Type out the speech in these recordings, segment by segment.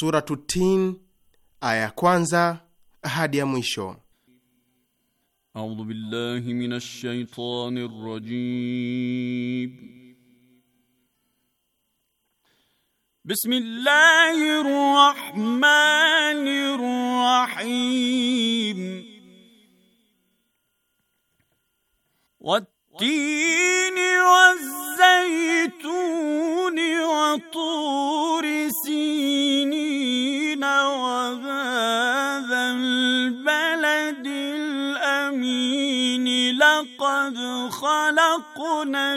Suratu Tin, aya ya kwanza hadi ya mwisho. A'udhu billahi minash shaitani rrajim. Bismillahir rahmanir rahim. Wat-tini waz-zaytuni wa خلقنا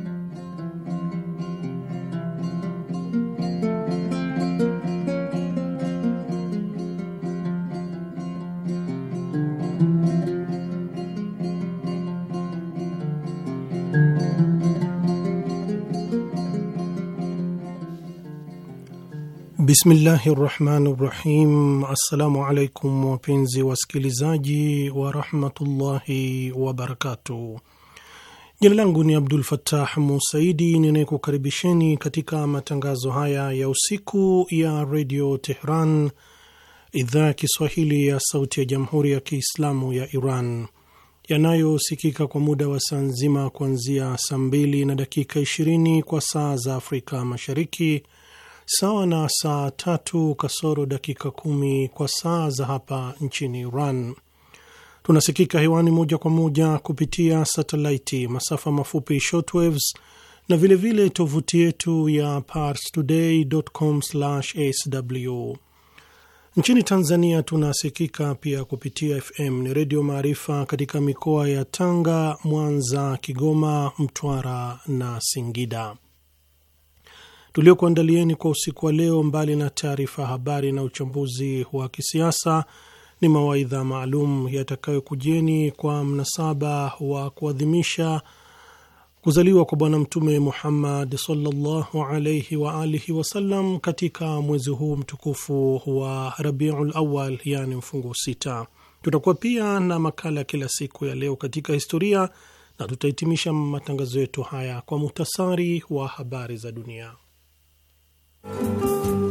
Bismillahi rahmani rahim. Assalamu alaikum wapenzi wasikilizaji warahmatullahi wabarakatuh. Jina langu ni Abdul Fattah Musaidi ninayekukaribisheni katika matangazo haya ya usiku ya redio Tehran, idhaa ya Kiswahili ya sauti ya jamhuri ya Kiislamu ya Iran, yanayosikika kwa muda wa saa nzima kuanzia saa mbili na dakika 20 kwa saa za Afrika Mashariki, sawa na saa tatu kasoro dakika kumi kwa saa za hapa nchini Iran. Tunasikika hewani moja kwa moja kupitia satelaiti, masafa mafupi shortwaves na vilevile tovuti yetu ya parstoday.com/sw. Nchini Tanzania tunasikika pia kupitia FM ni Redio Maarifa katika mikoa ya Tanga, Mwanza, Kigoma, Mtwara na Singida tuliokuandalieni kwa usiku wa leo, mbali na taarifa habari na uchambuzi wa kisiasa, ni mawaidha maalum yatakayokujeni kwa mnasaba wa kuadhimisha kuzaliwa kwa Bwana Mtume Muhammad sallallahu alaihi wa alihi wasallam katika mwezi huu mtukufu wa Rabiul Awal, yani mfungo sita. Tutakuwa pia na makala kila siku ya leo katika historia na tutahitimisha matangazo yetu haya kwa muhtasari wa habari za dunia. you.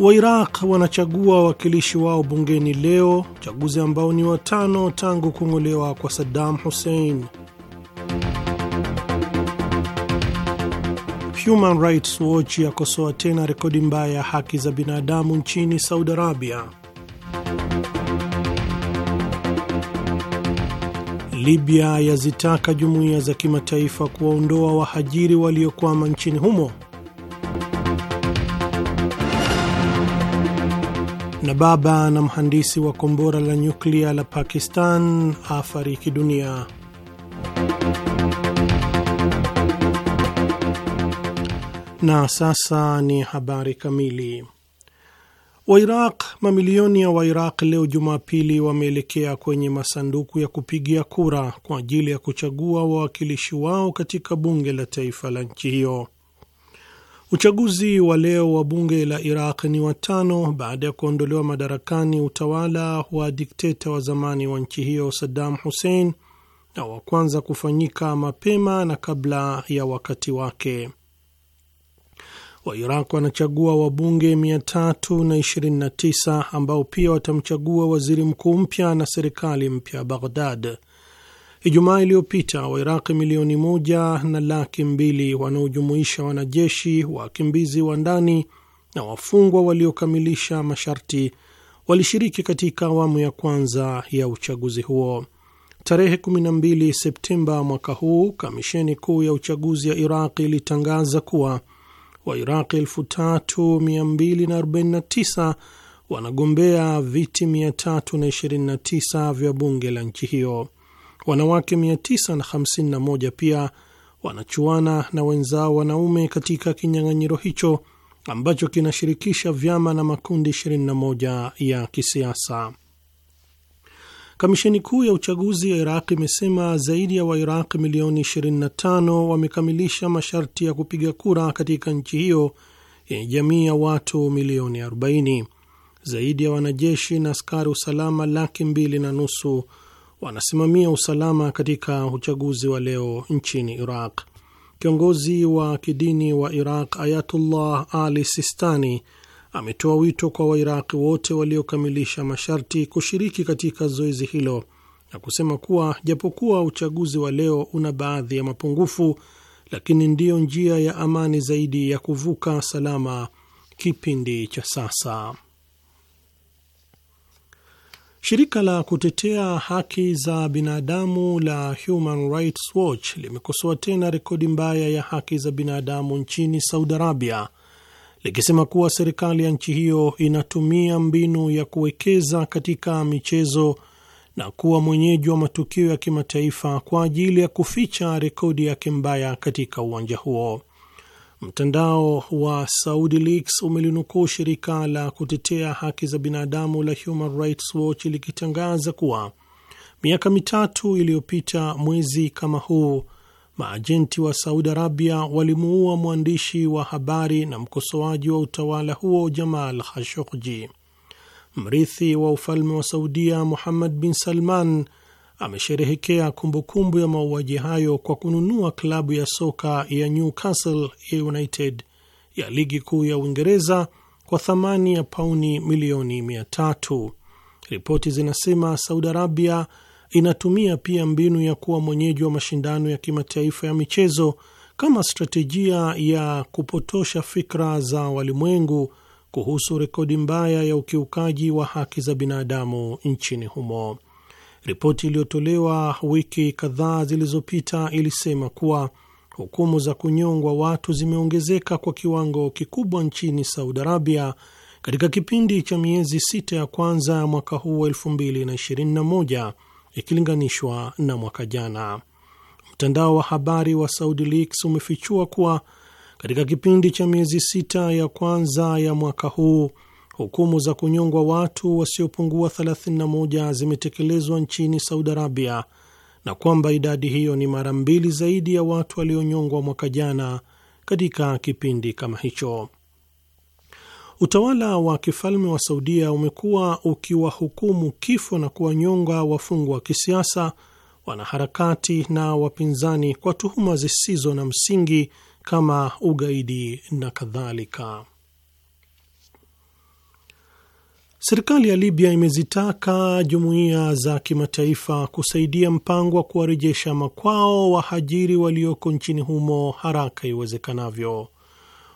Wairaq wanachagua wawakilishi wao bungeni leo, uchaguzi ambao ni watano tangu kung'olewa kwa Saddam Hussein. Human Rights Watch yakosoa tena rekodi mbaya ya haki za binadamu nchini Saudi Arabia. Libya yazitaka jumuiya za kimataifa kuwaondoa wahajiri waliokwama nchini humo na baba na mhandisi wa kombora la nyuklia la Pakistan afariki dunia. Na sasa ni habari kamili. Wairaq, mamilioni ya Wairaq leo Jumapili wameelekea kwenye masanduku ya kupigia kura kwa ajili ya kuchagua wawakilishi wao katika bunge la taifa la nchi hiyo. Uchaguzi wa leo wa bunge la Iraq ni watano baada ya kuondolewa madarakani utawala wa dikteta wa zamani wa nchi hiyo Saddam Hussein, na wa kwanza kufanyika mapema na kabla ya wakati wake. Wairaq wanachagua wabunge 329 ambao pia watamchagua waziri mkuu mpya na serikali mpya Baghdad. Ijumaa iliyopita Wairaqi milioni moja na laki mbili wanaojumuisha wanajeshi, wakimbizi wa ndani na wafungwa waliokamilisha masharti walishiriki katika awamu ya kwanza ya uchaguzi huo. Tarehe 12 Septemba mwaka huu, kamisheni kuu ya uchaguzi ya Iraq ilitangaza kuwa Wairaqi 3249 wanagombea viti 329 vya bunge la nchi hiyo. Wanawake 951 pia wanachuana na wenzao wanaume katika kinyang'anyiro hicho ambacho kinashirikisha vyama na makundi 21 ya kisiasa. Kamisheni kuu ya uchaguzi ya Iraq imesema zaidi ya Wairaq milioni 25 wamekamilisha masharti ya kupiga kura katika nchi hiyo yenye jamii ya watu milioni 40. Zaidi ya wanajeshi na askari usalama laki mbili na nusu wanasimamia usalama katika uchaguzi wa leo nchini Iraq. Kiongozi wa kidini wa Iraq Ayatullah Ali Sistani ametoa wito kwa Wairaqi wote waliokamilisha masharti kushiriki katika zoezi hilo na kusema kuwa japokuwa uchaguzi wa leo una baadhi ya mapungufu, lakini ndiyo njia ya amani zaidi ya kuvuka salama kipindi cha sasa. Shirika la kutetea haki za binadamu la Human Rights Watch limekosoa tena rekodi mbaya ya haki za binadamu nchini Saudi Arabia likisema kuwa serikali ya nchi hiyo inatumia mbinu ya kuwekeza katika michezo na kuwa mwenyeji wa matukio ya kimataifa kwa ajili ya kuficha rekodi yake mbaya katika uwanja huo. Mtandao wa Saudi Leaks umelinukuu shirika la kutetea haki za binadamu la Human Rights Watch likitangaza kuwa miaka mitatu iliyopita, mwezi kama huu, maajenti wa Saudi Arabia walimuua mwandishi wa habari na mkosoaji wa utawala huo Jamal Khashoggi. Mrithi wa ufalme wa Saudia Muhammad bin Salman amesherehekea kumbukumbu ya mauaji hayo kwa kununua klabu ya soka ya Newcastle United ya ligi kuu ya Uingereza kwa thamani ya pauni milioni mia tatu. Ripoti zinasema Saudi Arabia inatumia pia mbinu ya kuwa mwenyeji wa mashindano ya kimataifa ya michezo kama strategia ya kupotosha fikra za walimwengu kuhusu rekodi mbaya ya ukiukaji wa haki za binadamu nchini humo. Ripoti iliyotolewa wiki kadhaa zilizopita ilisema kuwa hukumu za kunyongwa watu zimeongezeka kwa kiwango kikubwa nchini Saudi Arabia katika kipindi cha miezi sita ya kwanza ya mwaka huu wa 2021 ikilinganishwa na mwaka jana. Mtandao wa habari wa Saudi Leaks umefichua kuwa katika kipindi cha miezi sita ya kwanza ya mwaka huu Hukumu za kunyongwa watu wasiopungua 31 zimetekelezwa nchini Saudi Arabia na kwamba idadi hiyo ni mara mbili zaidi ya watu walionyongwa mwaka jana katika kipindi kama hicho. Utawala wa kifalme wa Saudia umekuwa ukiwahukumu kifo na kuwanyonga wafungwa wa kisiasa, wanaharakati na wapinzani kwa tuhuma zisizo na msingi kama ugaidi na kadhalika. Serikali ya Libya imezitaka jumuiya za kimataifa kusaidia mpango wa kuwarejesha makwao wahajiri walioko nchini humo haraka iwezekanavyo.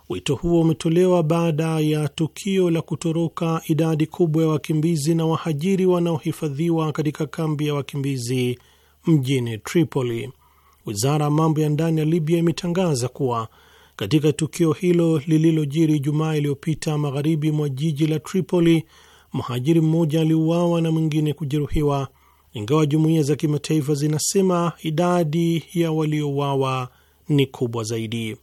Wito huo umetolewa baada ya tukio la kutoroka idadi kubwa ya wakimbizi na wahajiri wanaohifadhiwa katika kambi ya wakimbizi mjini Tripoli. Wizara ya mambo ya ndani ya Libya imetangaza kuwa katika tukio hilo lililojiri Jumaa iliyopita magharibi mwa jiji la Tripoli, mhajiri mmoja aliuawa na mwingine kujeruhiwa, ingawa jumuiya za kimataifa zinasema idadi ya waliouawa ni kubwa zaidi.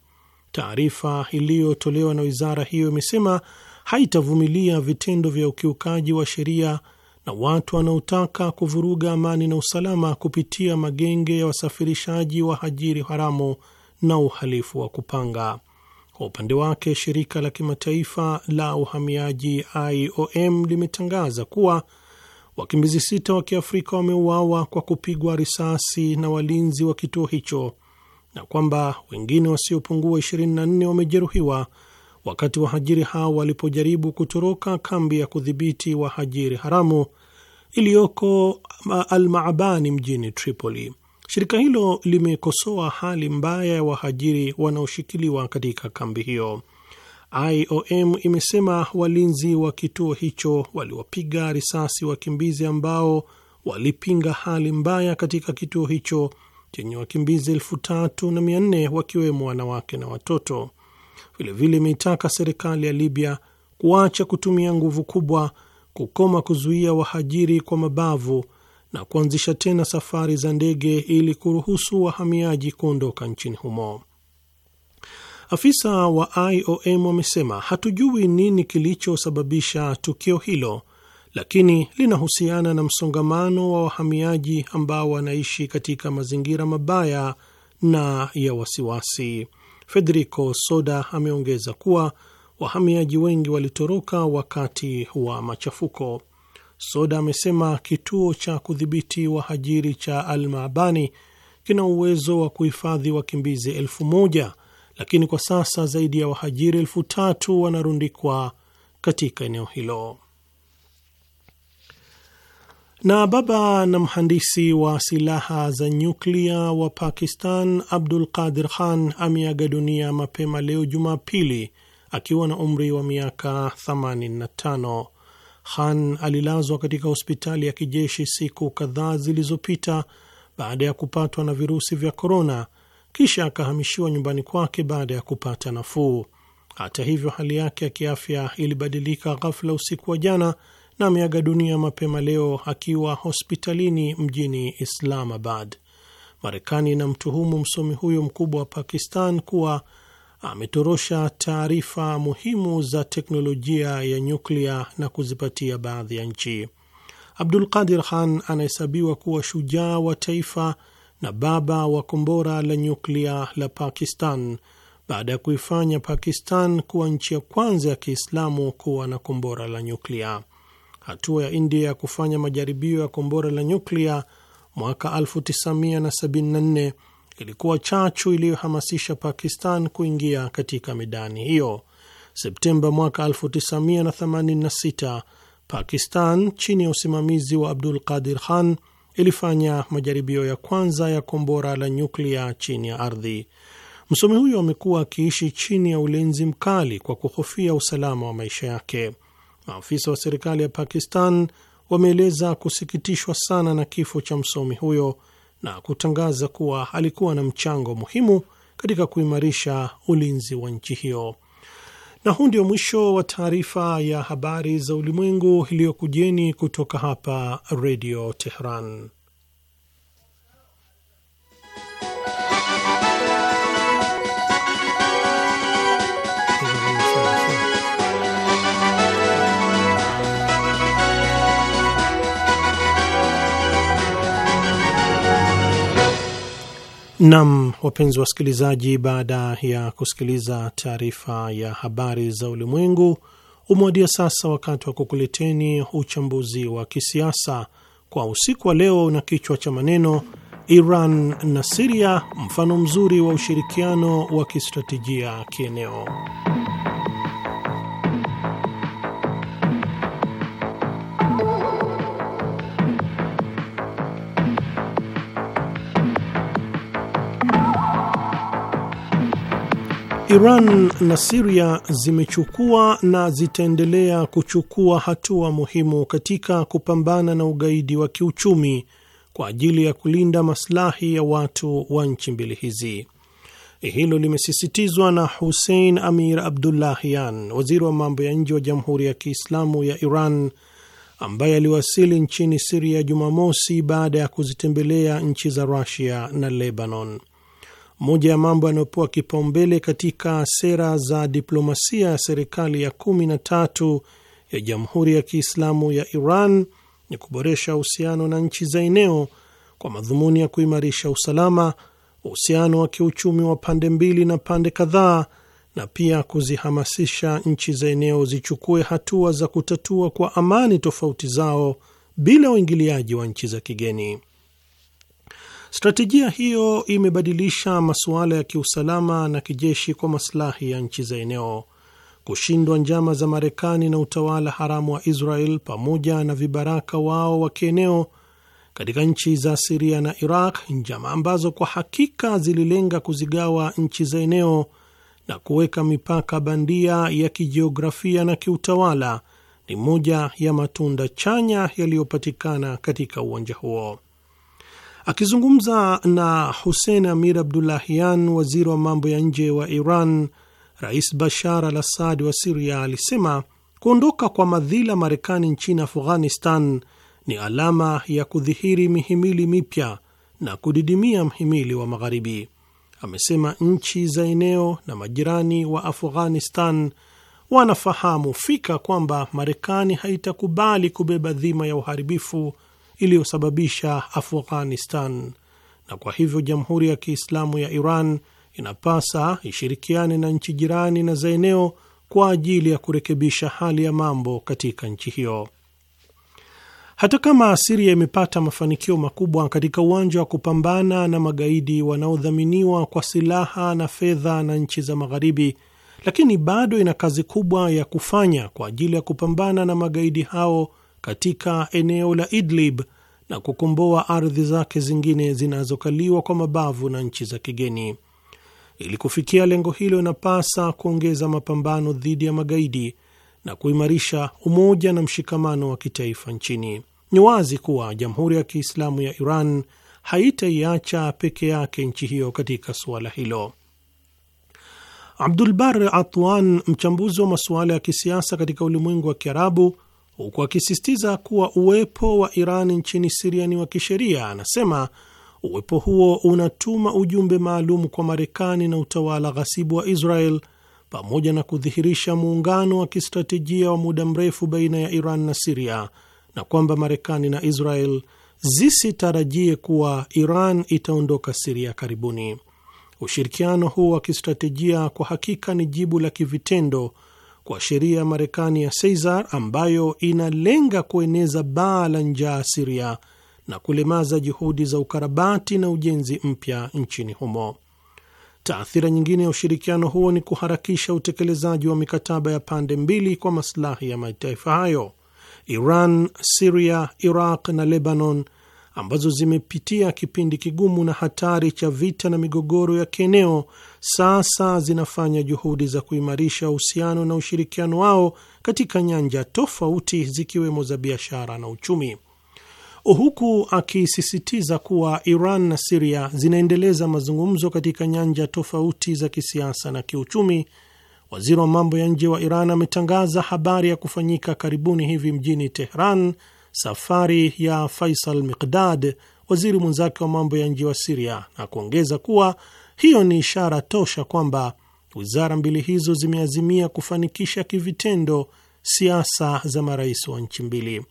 Taarifa iliyotolewa na wizara hiyo imesema haitavumilia vitendo vya ukiukaji wa sheria na watu wanaotaka kuvuruga amani na usalama kupitia magenge ya wasafirishaji hajiri haramu na uhalifu wa kupanga. Kwa upande wake, shirika la kimataifa la uhamiaji IOM limetangaza kuwa wakimbizi sita wa Kiafrika wameuawa kwa kupigwa risasi na walinzi wa kituo hicho na kwamba wengine wasiopungua 24 wamejeruhiwa wakati wahajiri hao walipojaribu kutoroka kambi ya kudhibiti wahajiri haramu iliyoko Almaabani mjini Tripoli. Shirika hilo limekosoa hali mbaya ya wahajiri wanaoshikiliwa katika kambi hiyo. IOM imesema walinzi wa kituo hicho waliwapiga risasi wakimbizi ambao walipinga hali mbaya katika kituo hicho chenye wakimbizi elfu tatu na mia nne wakiwemo wanawake na watoto. Vilevile imeitaka serikali ya Libya kuacha kutumia nguvu kubwa, kukoma kuzuia wahajiri kwa mabavu na kuanzisha tena safari za ndege ili kuruhusu wahamiaji kuondoka nchini humo. Afisa wa IOM wamesema hatujui nini kilichosababisha tukio hilo, lakini linahusiana na msongamano wa wahamiaji ambao wanaishi katika mazingira mabaya na ya wasiwasi. Federico Soda ameongeza kuwa wahamiaji wengi walitoroka wakati wa machafuko. Soda amesema kituo cha kudhibiti wahajiri cha al kina uwezo wa kuhifadhi wakimbizi elfu moja lakini kwa sasa zaidi ya wahajiri elfu tatu wanarundikwa katika eneo hilo. Na baba na mhandisi wa silaha za nyuklia wa Pakistan Abdul Qadir Khan ameaga dunia mapema leo Jumapili akiwa na umri wa miaka 85. Khan alilazwa katika hospitali ya kijeshi siku kadhaa zilizopita baada ya kupatwa na virusi vya korona, kisha akahamishiwa nyumbani kwake baada ya kupata nafuu. Hata hivyo, hali yake ya kiafya ilibadilika ghafla usiku wa jana na ameaga dunia mapema leo akiwa hospitalini mjini Islamabad. Marekani inamtuhumu msomi huyo mkubwa wa Pakistan kuwa ametorosha taarifa muhimu za teknolojia ya nyuklia na kuzipatia baadhi ya nchi. Abdul Qadir Khan anahesabiwa kuwa shujaa wa taifa na baba wa kombora la nyuklia la Pakistan baada ya kuifanya Pakistan kuwa nchi ya kwanza ya Kiislamu kuwa na kombora la nyuklia. Hatua ya India ya kufanya majaribio ya kombora la nyuklia mwaka 1974 ilikuwa chachu iliyohamasisha Pakistan kuingia katika medani hiyo. Septemba mwaka 1986 Pakistan chini ya usimamizi wa Abdul Qadir Khan ilifanya majaribio ya kwanza ya kombora la nyuklia chini ya ardhi. Msomi huyo amekuwa akiishi chini ya ulinzi mkali kwa kuhofia usalama wa maisha yake. Maafisa wa serikali ya Pakistan wameeleza kusikitishwa sana na kifo cha msomi huyo na kutangaza kuwa alikuwa na mchango muhimu katika kuimarisha ulinzi wa nchi hiyo. Na huu ndio mwisho wa taarifa ya habari za ulimwengu iliyokujeni kutoka hapa Redio Teheran. Nam, wapenzi wasikilizaji, baada ya kusikiliza taarifa ya habari za ulimwengu, umewadia sasa wakati wa kukuleteni uchambuzi wa kisiasa kwa usiku wa leo, na kichwa cha maneno Iran na Siria, mfano mzuri wa ushirikiano wa kistratejia kieneo. Iran na Siria zimechukua na zitaendelea kuchukua hatua muhimu katika kupambana na ugaidi wa kiuchumi kwa ajili ya kulinda maslahi ya watu wa nchi mbili hizi. Hilo limesisitizwa na Hussein Amir Abdullahian, waziri wa mambo ya nje wa Jamhuri ya Kiislamu ya Iran, ambaye aliwasili nchini Siria Jumamosi baada ya kuzitembelea nchi za Rusia na Lebanon. Moja ya mambo yanayopewa kipaumbele katika sera za diplomasia ya serikali ya kumi na tatu ya Jamhuri ya Kiislamu ya Iran ni kuboresha uhusiano na nchi za eneo kwa madhumuni ya kuimarisha usalama, uhusiano wa kiuchumi wa pande mbili na pande kadhaa, na pia kuzihamasisha nchi za eneo zichukue hatua za kutatua kwa amani tofauti zao bila uingiliaji wa nchi za kigeni. Stratejia hiyo imebadilisha masuala ya kiusalama na kijeshi kwa masilahi ya nchi za eneo. Kushindwa njama za Marekani na utawala haramu wa Israel pamoja na vibaraka wao wa kieneo katika nchi za Siria na Iraq, njama ambazo kwa hakika zililenga kuzigawa nchi za eneo na kuweka mipaka bandia ya kijiografia na kiutawala, ni moja ya matunda chanya yaliyopatikana katika uwanja huo. Akizungumza na Hussein Amir Abdullahian, waziri wa mambo ya nje wa Iran, Rais Bashar al Assad wa Siria alisema kuondoka kwa madhila Marekani nchini Afghanistan ni alama ya kudhihiri mihimili mipya na kudidimia mhimili wa Magharibi. Amesema nchi za eneo na majirani wa Afghanistan wanafahamu fika kwamba Marekani haitakubali kubeba dhima ya uharibifu iliyosababisha Afghanistan, na kwa hivyo Jamhuri ya Kiislamu ya Iran inapasa ishirikiane na nchi jirani na za eneo kwa ajili ya kurekebisha hali ya mambo katika nchi hiyo. Hata kama Siria imepata mafanikio makubwa katika uwanja wa kupambana na magaidi wanaodhaminiwa kwa silaha na fedha na nchi za Magharibi, lakini bado ina kazi kubwa ya kufanya kwa ajili ya kupambana na magaidi hao katika eneo la Idlib na kukomboa ardhi zake zingine zinazokaliwa kwa mabavu na nchi za kigeni. Ili kufikia lengo hilo, inapasa kuongeza mapambano dhidi ya magaidi na kuimarisha umoja na mshikamano wa kitaifa nchini. Ni wazi kuwa Jamhuri ya Kiislamu ya Iran haitaiacha peke yake nchi hiyo katika suala hilo. Abdulbar Atwan, mchambuzi wa masuala ya kisiasa katika ulimwengu wa Kiarabu, huku akisisitiza kuwa uwepo wa Iran nchini Siria ni wa kisheria. Anasema uwepo huo unatuma ujumbe maalum kwa Marekani na utawala ghasibu wa Israel pamoja na kudhihirisha muungano wa kistratejia wa muda mrefu baina ya Iran na Siria na kwamba Marekani na Israel zisitarajie kuwa Iran itaondoka Siria karibuni. Ushirikiano huu wa kistratejia kwa hakika ni jibu la kivitendo kwa sheria ya Marekani ya Caesar ambayo inalenga kueneza baa la njaa Siria na kulemaza juhudi za ukarabati na ujenzi mpya nchini humo. Taathira nyingine ya ushirikiano huo ni kuharakisha utekelezaji wa mikataba ya pande mbili kwa maslahi ya mataifa hayo. Iran, Siria, Iraq na Lebanon ambazo zimepitia kipindi kigumu na hatari cha vita na migogoro ya kieneo sasa zinafanya juhudi za kuimarisha uhusiano na ushirikiano wao katika nyanja tofauti zikiwemo za biashara na uchumi, huku akisisitiza kuwa Iran na Siria zinaendeleza mazungumzo katika nyanja tofauti za kisiasa na kiuchumi. Waziri wa mambo ya nje wa Iran ametangaza habari ya kufanyika karibuni hivi mjini Tehran safari ya Faisal Miqdad, waziri mwenzake wa mambo ya nje wa Siria, na kuongeza kuwa hiyo ni ishara tosha kwamba wizara mbili hizo zimeazimia kufanikisha kivitendo siasa za marais wa nchi mbili.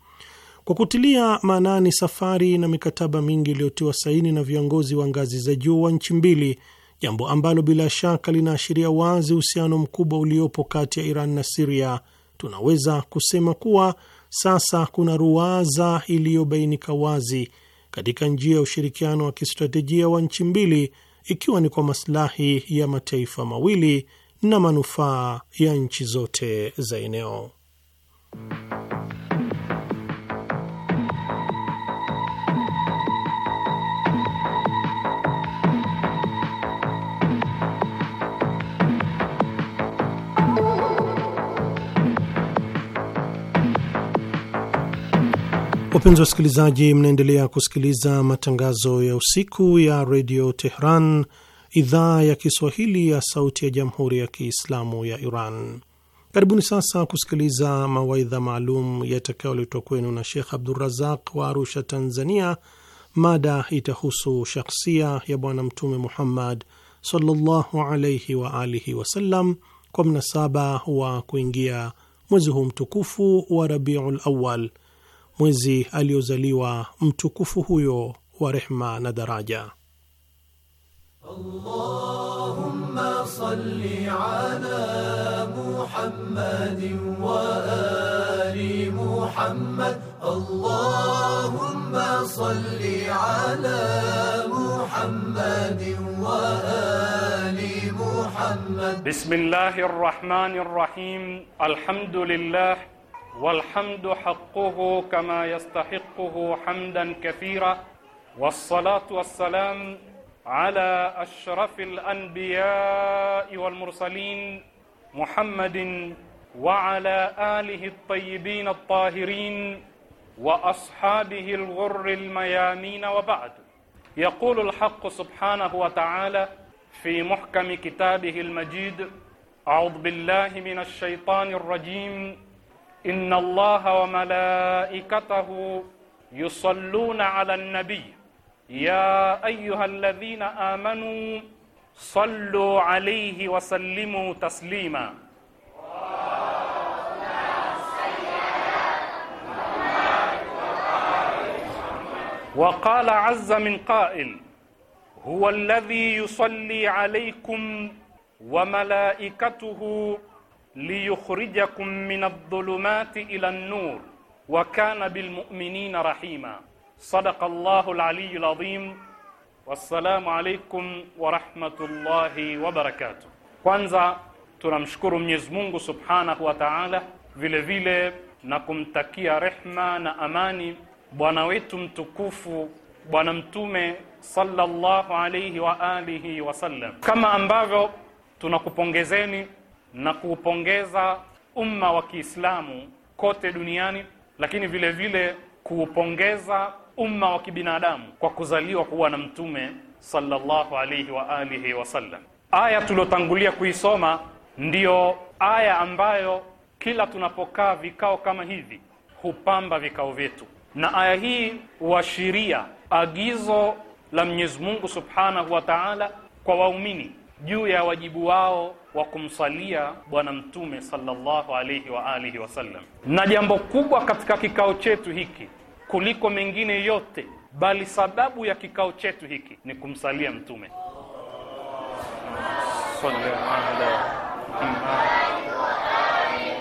Kwa kutilia maanani safari na mikataba mingi iliyotiwa saini na viongozi wa ngazi za juu wa nchi mbili, jambo ambalo bila shaka linaashiria wazi uhusiano mkubwa uliopo kati ya Iran na Siria, tunaweza kusema kuwa sasa kuna ruwaza iliyobainika wazi katika njia ya ushirikiano wa kistratejia wa nchi mbili ikiwa ni kwa maslahi ya mataifa mawili na manufaa ya nchi zote za eneo. Wapenzi wasikilizaji, mnaendelea kusikiliza matangazo ya usiku ya redio Tehran, idhaa ya Kiswahili ya sauti ya jamhuri ya Kiislamu ya Iran. Karibuni sasa kusikiliza mawaidha maalum yatakayoletwa kwenu na Shekh Abdurazaq wa Arusha, Tanzania. Mada itahusu shakhsia ya Bwana Mtume Muhammad sallallahu alaihi wa alihi wasallam kwa mnasaba wa kuingia mwezi huu mtukufu wa Rabiul Awal mwezi aliozaliwa mtukufu huyo wa rehma na daraja. Allahumma salli ala Muhammadin wa ali Muhammad. Allahumma salli ala Muhammadin wa ali Muhammad. Bismillahir Rahmanir Rahim. Alhamdulillah والحمد حقه كما يستحقه حمدا كثيرا والصلاة والسلام على أشرف الأنبياء والمرسلين محمد وعلى آله الطيبين الطاهرين وأصحابه الغر الميامين وبعد يقول الحق سبحانه وتعالى في محكم كتابه المجيد أعوذ بالله من الشيطان الرجيم إن الله وملائكته يصلون على النبي يا أيها الذين آمنوا صلوا عليه وسلموا تسليما وقال عز من قائل هو الذي يصلي عليكم وملائكته liyukhrijakum min adh-dhulumati ila an-nur wa kana bilmu'minina rahima sadaqa Allahu al azim wassalamu alaykum wa rahmatullahi wa barakatuh kwanza tunamshukuru Mwenyezi Mungu Subhanahu wa Ta'ala vile vile na kumtakia rehma na amani bwana wetu mtukufu bwana mtume sallallahu alayhi wa alihi wasallam kama ambavyo tunakupongezeni na kuupongeza umma wa Kiislamu kote duniani, lakini vile vile kuupongeza umma wa kibinadamu kwa kuzaliwa kuwa na mtume sallallahu alayhi wa alihi wasallam. Aya tuliyotangulia kuisoma ndiyo aya ambayo kila tunapokaa vikao kama hivi hupamba vikao vyetu, na aya hii huashiria agizo la Mwenyezi Mungu subhanahu wa Ta'ala kwa waumini juu ya wajibu wao wa kumsalia Bwana Mtume sallallahu alaihi wa alihi wasallam. Na jambo kubwa katika kikao chetu hiki kuliko mengine yote, bali sababu ya kikao chetu hiki ni kumsalia Mtume sallallahu wa alihi.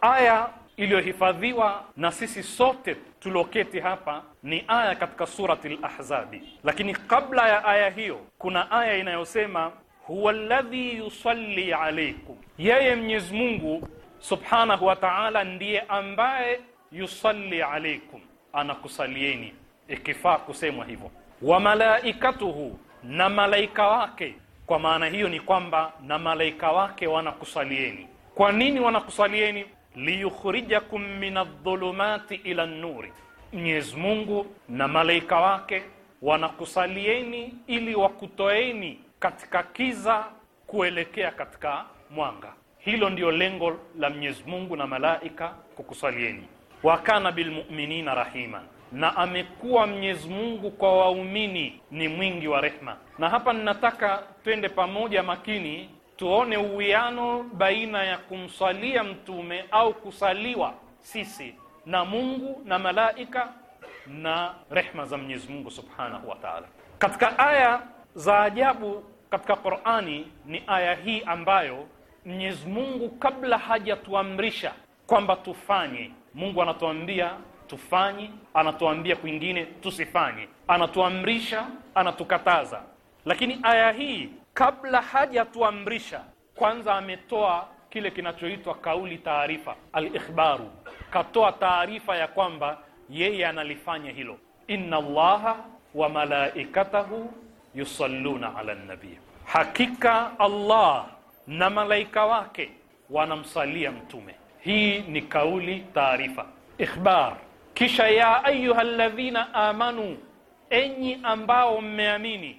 Aya iliyohifadhiwa na sisi sote tuloketi hapa ni aya katika surati lahzabi lakini kabla ya aya hiyo kuna aya inayosema huwa ladhi yusalli alaikum, yeye Mwenyezi Mungu subhanahu wa ta'ala ndiye ambaye yusalli alaikum, anakusalieni. Ikifaa kusemwa hivyo, wa malaikatuhu, na malaika wake. Kwa maana hiyo ni kwamba na malaika wake wanakusalieni. Kwa nini wanakusalieni? liyukhrijakum min adh-dhulumati ila an-nuri, Mwenyezi Mungu na malaika wake wanakusalieni ili wakutoeni katika kiza kuelekea katika mwanga. Hilo ndiyo lengo la Mwenyezi Mungu na malaika kukusalieni. Wa kana bilmuminina rahima na amekuwa Mwenyezi Mungu kwa waumini ni mwingi wa rehma. Na hapa ninataka twende pamoja makini tuone uwiano baina ya kumsalia mtume au kusaliwa sisi na Mungu na malaika na rehma za Mwenyezi Mungu Subhanahu wa Ta'ala. Katika aya za ajabu katika Qur'ani ni aya hii ambayo Mwenyezi Mungu kabla hajatuamrisha kwamba tufanye, Mungu anatuambia tufanye, anatuambia kwingine tusifanye, anatuamrisha, anatukataza. Lakini aya hii kabla hajatuamrisha, kwanza ametoa kile kinachoitwa kauli taarifa, alikhbaru, katoa taarifa ya kwamba yeye analifanya hilo. Inna allaha wa malaikatahu yusalluna ala nabii, hakika Allah na malaika wake wanamsalia mtume. Hii ni kauli taarifa, ikhbar. Kisha ya ayuha alladhina amanu, enyi ambao mmeamini,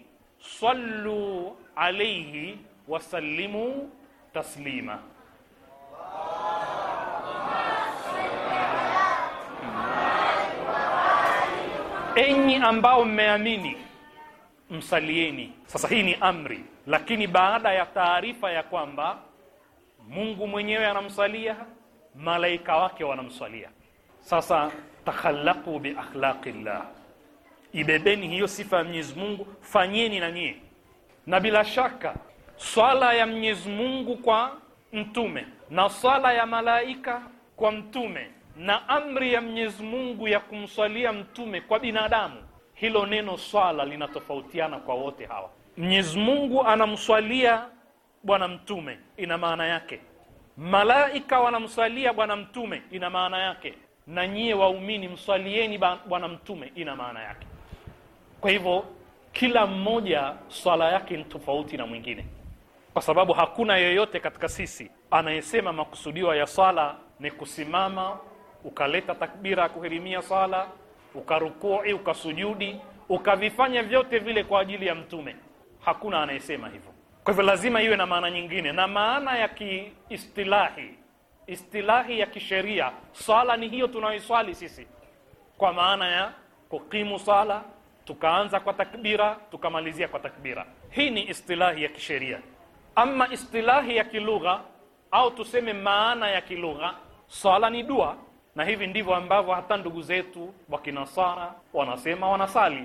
sallu alaihi wasallimu taslima. Enyi ambao mmeamini msalieni. Sasa hii ni amri, lakini baada ya taarifa ya kwamba Mungu mwenyewe anamsalia, malaika wake wanamsalia. Sasa takhallaqu bi akhlaqillah, ibebeni hiyo sifa ya Mwenyezi Mungu, fanyeni na nyie na bila shaka swala ya Mwenyezi Mungu kwa mtume na swala ya malaika kwa mtume na amri ya Mwenyezi Mungu ya kumswalia mtume kwa binadamu, hilo neno swala linatofautiana kwa wote hawa. Mwenyezi Mungu anamswalia bwana mtume, ina maana yake. Malaika wanamswalia bwana mtume, ina maana yake. Na nyie waumini mswalieni bwana mtume, ina maana yake. Kwa hivyo kila mmoja swala yake ni tofauti na mwingine, kwa sababu hakuna yeyote katika sisi anayesema makusudiwa ya swala ni kusimama ukaleta takbira ya kuhirimia swala ukarukui ukasujudi ukavifanya vyote vile kwa ajili ya Mtume. Hakuna anayesema hivyo. Kwa hivyo lazima iwe na maana nyingine, na maana ya kiistilahi, istilahi ya kisheria, swala ni hiyo tunayoiswali sisi, kwa maana ya kukimu swala tukaanza kwa takbira tukamalizia kwa takbira. Hii ni istilahi ya kisheria. Ama istilahi ya kilugha au tuseme maana ya kilugha, swala ni dua, na hivi ndivyo ambavyo hata ndugu zetu wa Kinasara wanasema wanasali,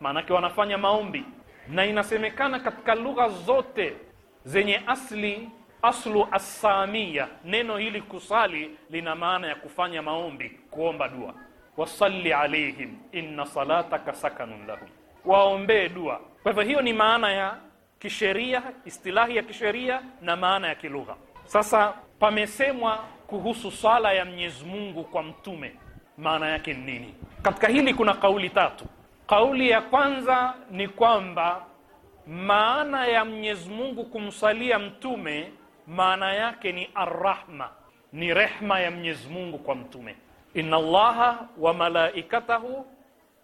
maanake wanafanya maombi, na inasemekana katika lugha zote zenye asli aslu assamia, neno hili kusali lina maana ya kufanya maombi, kuomba dua wasalli alaihim inna salataka sakanun lahum, waombee dua. Kwa hivyo hiyo ni maana ya kisheria, istilahi ya kisheria na maana ya kilugha. Sasa pamesemwa kuhusu sala ya Mwenyezi Mungu kwa mtume, maana yake ni nini? Katika hili kuna kauli tatu. Kauli ya kwanza ni kwamba maana ya Mwenyezi Mungu kumsalia mtume maana yake ni arrahma, ni rehma ya Mwenyezi Mungu kwa mtume inna allaha wa malaikatahu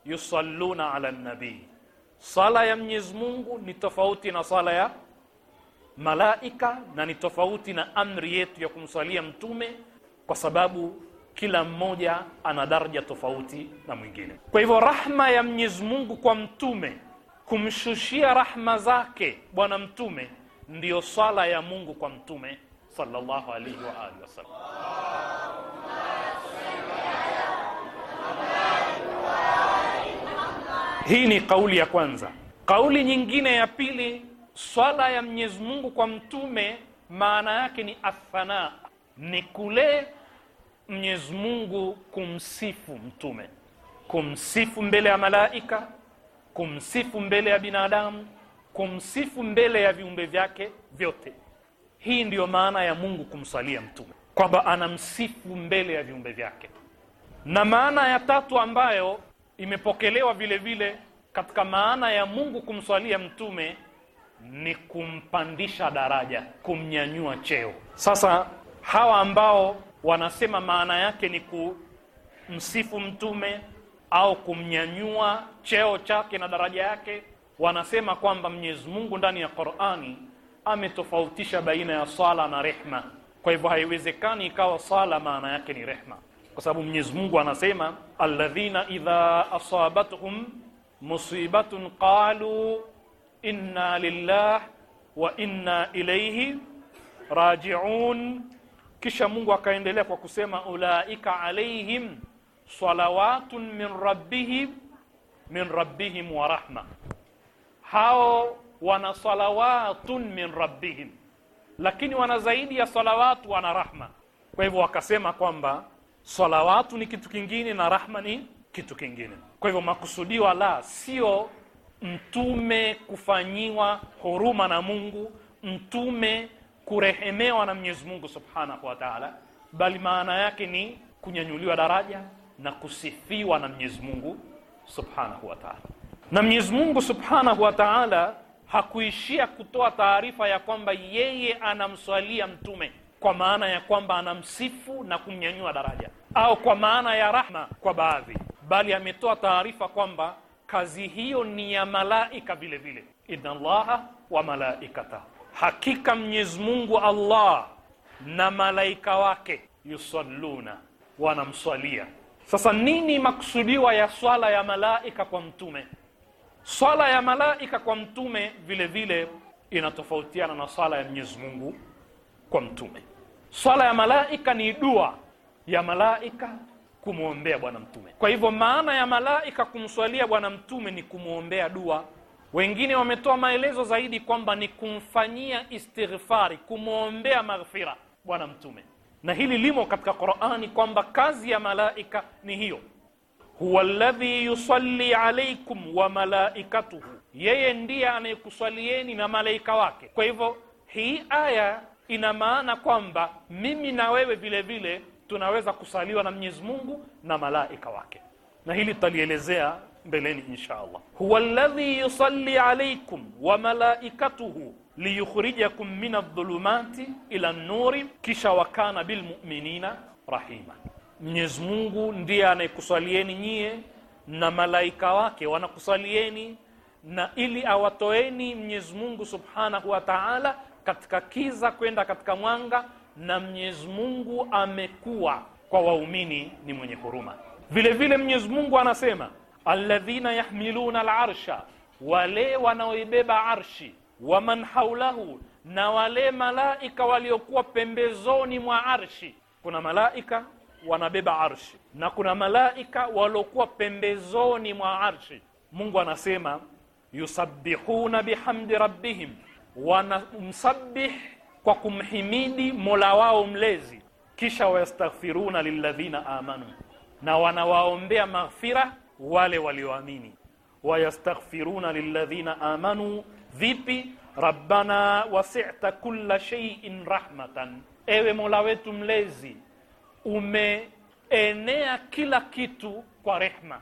yusalluna ala nabii sala ya mwenyezi mungu ni tofauti na sala ya malaika na ni tofauti na amri yetu ya kumsalia mtume kwa sababu kila mmoja ana daraja tofauti na mwingine kwa hivyo rahma ya mwenyezi mungu kwa mtume kumshushia rahma zake bwana mtume ndiyo sala ya mungu kwa mtume sallallahu alaihi wa alihi wasallam Hii ni kauli ya kwanza. Kauli nyingine ya pili, swala ya Mwenyezi Mungu kwa mtume maana yake ni athana, ni kule Mwenyezi Mungu kumsifu mtume, kumsifu mbele ya malaika, kumsifu mbele ya binadamu, kumsifu mbele ya viumbe vyake vyote. Hii ndiyo maana ya Mungu kumswalia mtume, kwamba anamsifu mbele ya viumbe vyake. Na maana ya tatu ambayo imepokelewa vile vile katika maana ya Mungu kumswalia mtume ni kumpandisha daraja, kumnyanyua cheo. Sasa hawa ambao wanasema maana yake ni kumsifu mtume au kumnyanyua cheo chake na daraja yake, wanasema kwamba Mwenyezi Mungu ndani ya Qur'ani ametofautisha baina ya sala na rehma. Kwa hivyo haiwezekani ikawa sala maana yake ni rehma kwa sababu Mwenyezi Mungu anasema alladhina idha asabatuhum musibatun qalu inna lillah wa inna ilayhi raji'un kisha Mungu akaendelea kwa kusema ulaika alaihim salawatun min rabbihim min rabbihim wa rahma hao wana salawatun min rabbihim lakini wana zaidi ya salawatu wana rahma kwa hivyo wakasema kwamba salawatu ni kitu kingine na rahma ni kitu kingine. Kwa hivyo makusudiwa la sio mtume kufanyiwa huruma na Mungu, mtume kurehemewa na Mwenyezi Mungu Subhanahu wa Ta'ala, bali maana yake ni kunyanyuliwa daraja na kusifiwa na Mwenyezi Mungu Subhanahu wa Ta'ala. Na Mwenyezi Mungu Subhanahu wa Ta'ala hakuishia kutoa taarifa ya kwamba yeye anamswalia mtume kwa maana ya kwamba anamsifu na kumnyanyua daraja, au kwa maana ya rahma kwa baadhi, bali ametoa taarifa kwamba kazi hiyo ni ya malaika vile vile, inna llaha wa malaikata, hakika Mwenyezi Mungu Allah na malaika wake yusalluna, wanamswalia. Sasa nini maksudiwa ya swala ya malaika kwa mtume? Swala ya malaika kwa mtume vile vile inatofautiana na swala ya Mwenyezi Mungu kwa mtume. Swala ya malaika ni dua ya malaika kumwombea Bwana Mtume. Kwa hivyo maana ya malaika kumswalia Bwana Mtume ni kumwombea dua. Wengine wametoa maelezo zaidi kwamba ni kumfanyia istighfari, kumwombea maghfira Bwana Mtume, na hili limo katika Qur'ani kwamba kazi ya malaika ni hiyo huwa ladhi yusalli alaikum wa malaikatuhu, yeye ndiye anayekuswalieni na malaika wake. Kwa hivyo hii aya ina maana kwamba mimi na wewe vile vile tunaweza kusaliwa na Mwenyezi Mungu na malaika wake na hili tutalielezea mbeleni insha Allah huwa alladhi yusalli alaykum wa malaikatuhu liyukhrijakum min adh-dhulumati ila an-nuri kisha wakana bilmu'minina rahima Mwenyezi Mungu ndiye anayekusalieni nyie na malaika wake wanakusalieni na ili awatoeni Mwenyezi Mungu Subhanahu wa Ta'ala katika kiza kwenda katika mwanga, na Mwenyezi Mungu amekuwa kwa waumini ni mwenye huruma. Vile vile Mwenyezi Mungu anasema alladhina yahmiluna larsha wale wanaoibeba arshi, waman haulahu, na wale malaika waliokuwa pembezoni mwa arshi. Kuna malaika wanabeba arshi na kuna malaika waliokuwa pembezoni mwa arshi. Mungu anasema yusabbihuna bihamdi rabbihim wanamsabih kwa kumhimidi Mola wao mlezi, kisha wayastaghfiruna lilladhina amanu, na wanawaombea maghfira wale walioamini. Wayastaghfiruna lilladhina amanu, vipi? Rabbana wasi'ta kulla shay'in rahmatan, ewe Mola wetu mlezi umeenea kila kitu kwa rehma.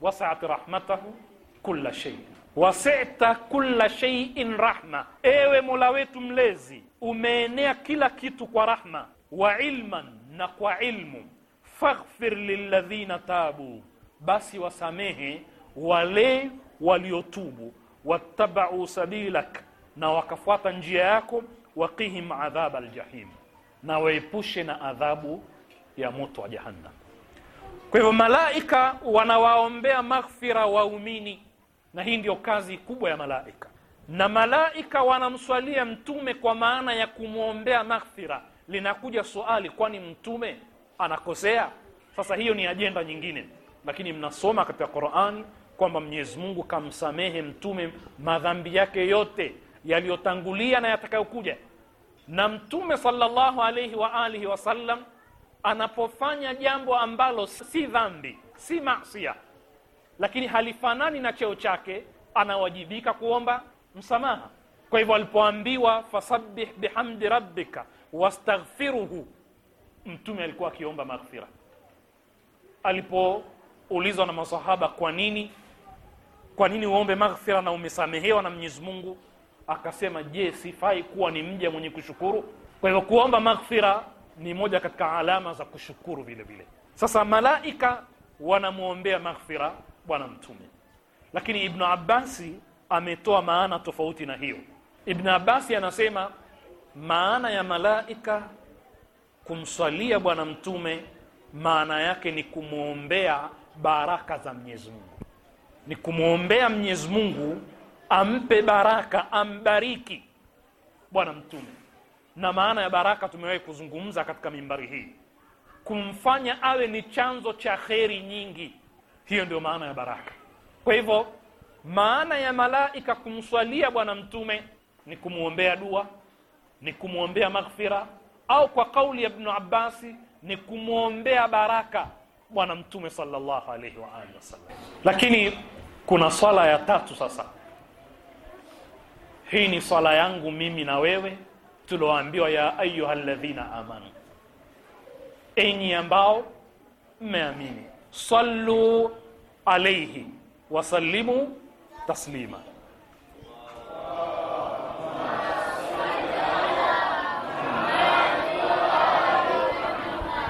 Wasa'at rahmatahu kulla shay wasita kula shay'in rahma, ewe Mola wetu mlezi umeenea kila kitu kwa rahma. Wa ilman, na kwa ilmu. Faghfir lilladhina tabu, basi wasamehe wale waliotubu. Wattabau sabilak, na wakafuata njia yako. Waqihim adhab aljahim, na waepushe na adhabu ya moto wa Jahannam. Kwa hivyo malaika wanawaombea maghfira waumini na hii ndiyo kazi kubwa ya malaika. Na malaika wanamswalia mtume kwa maana ya kumwombea maghfira. Linakuja swali, kwani mtume anakosea? Sasa hiyo ni ajenda nyingine, lakini mnasoma katika qurani kwamba Mwenyezi Mungu kamsamehe mtume madhambi yake yote yaliyotangulia na yatakayokuja. Na mtume sallallahu alayhi wa alihi wasallam anapofanya jambo ambalo si dhambi, si masia lakini halifanani na cheo chake, anawajibika kuomba msamaha. Kwa hivyo alipoambiwa fasabih bihamdi rabbika wastaghfiruhu, mtume alikuwa akiomba maghfira. Alipoulizwa na masahaba, kwa nini kwa nini uombe maghfira na umesamehewa na Mwenyezi Mungu, akasema je, sifai kuwa ni mja mwenye kushukuru? Kwa hivyo kuomba maghfira ni moja katika alama za kushukuru vile vile. Sasa malaika wanamwombea maghfira bwana mtume lakini Ibn Abbasi ametoa maana tofauti na hiyo Ibn Abbasi anasema maana ya malaika kumswalia bwana mtume maana yake ni kumwombea baraka za Mwenyezi Mungu ni kumwombea Mwenyezi Mungu ampe baraka ambariki bwana mtume na maana ya baraka tumewahi kuzungumza katika mimbari hii kumfanya awe ni chanzo cha kheri nyingi hiyo ndio maana ya baraka. Kwa hivyo maana ya malaika kumswalia bwana mtume ni kumuombea dua, ni kumuombea maghfira, au kwa kauli ya Ibn Abbas ni kumuombea baraka bwana mtume sallallahu alaihi wa alihi wasallam. Lakini kuna swala ya tatu sasa. Hii ni swala yangu mimi na wewe tulioambiwa, ya ayuha alladhina amanu, enyi ambao mmeamini sallu alayhi wasallimu taslima